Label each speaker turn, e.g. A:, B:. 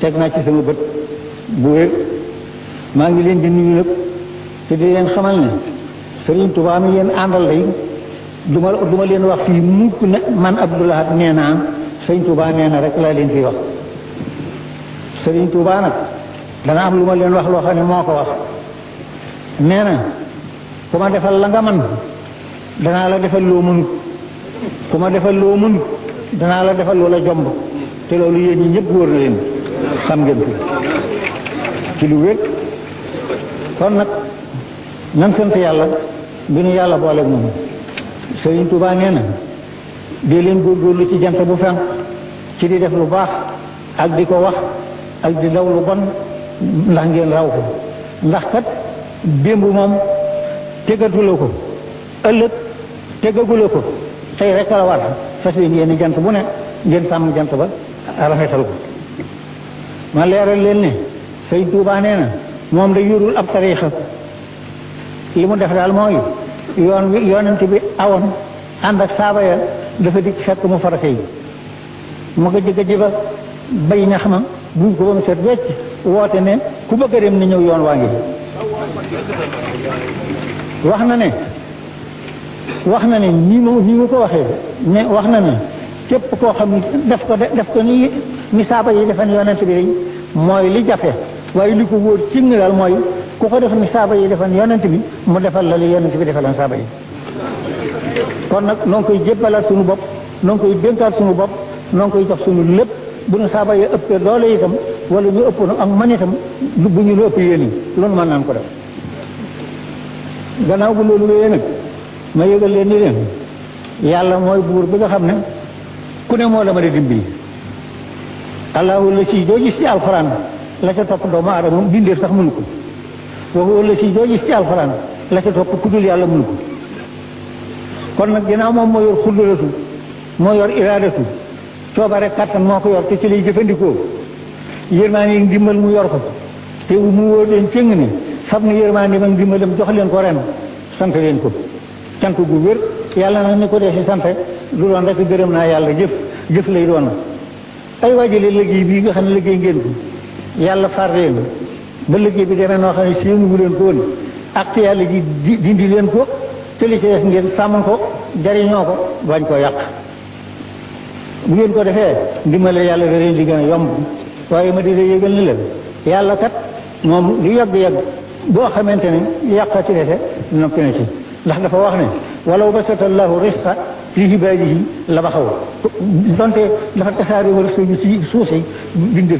A: teg naa ci sama bët bu wér maa ngi leen di nuyu nag te di leen xamal ne Serigne Touba mi leen àndal lay du ma du ma leen wax fii mukk ne man abdullah nee naa Serigne Touba nee rek laa leen fi wax Serigne Touba nag dana am lu ma leen wax loo xam ne moo ko wax nee na ku ma defal la nga man danaa la defal loo mënut ku ma defal loo mënut danaa la defal loo la jomb te loolu yéen ñi ñëpp na leen xam ngeen ko ci lu wér kon nag nan sant yàlla bi nu yàlla booleeg moom sëyintu Tuubaa nee na di leen góor góorgóorlu ci jant bu fenk ci di def lu baax ak di ko wax ak di daw lu bon ndax ngeen raw ko ndax kat démb moom tëggatula ko ëllëg tëggagula ko tey rek la war fas yéene jant bu ne ngeen sàmm jant ba rafetal ko ma leeral leen ne say Tuubaa nee na moom da yurul ab tariixa li mu def daal mooy yoon wi yonent bi awoon ànd ak saaba ya dafa dikk fekk mu farata yi mu ko jëgg jiba bay ñax ma buñ ko ba mu set wecc woote ne ku bëgg a dem na ñëw yoon waa ngi wax na ne wax na ne nii ma nii ma ko waxee ne wax na ne képp koo xam def ko def ko nii misaaba yi defoon yonent bi day mooy li jafe waaye li ko wóor ci ngi daal mooy ku ko def saaba yi defoon yonent bi mu defal la li yonent bi defaloon saaba yi kon nag noo koy jébbalaat suñu bopp noo koy dénkaat sunu bopp noo koy jox suñu lépp bu nu saaba yi ëppee doole itam wala ñu ëpp ak man itam bu ñu lu ëpp yéen yi loolu mën naan ko def gannaaw bu loolu wéyee nag ma yëgal leen ni yàlla mooy buur bi nga xam ne ku ne moo la ma di dimbali allahu la si joo ci alxuraan la ca topp doomu aadama bindeef sax mënu ko waxu la si joo ci alxuraan la ca topp ku dul yàlla mënu ko kon nag ginnaaw moom moo yor xuddalatu moo yor iraadatu coobare kàttan moo ko yor te ci lay jëfandikoo yërmaane yi ndimbal mu yor ko te mu wóor leen cëng ne fab na yërmaane mag ndimbalam jox leen ko ren sant leen ko cant gu wér yàlla nag ni ko dee si sant du doon rek gërëm naa yàlla jëf jëf lay doon tey waajalee liggéey bii nga xam ne ngeen ko yàlla far leen ba liggéey bi demee noo xam ne séenu wu leen ko woon ak yàlla ji di leen ko te li ngeen sàmm ko jariñoo ko bañ koo yàq bu ngeen ko defee ndimbale yàlla danañ di gën a yomb waaye ma di la yëgal ni leen yàlla kat moom lu yàgg-yàgg boo xamante ne yàqoo ci dese noppi na ci ndax dafa wax ne walaw basata llahu risqa li ci bàyyi ji la ba xaw donte dafa tasaare wala sëñ bi ci suuf si bind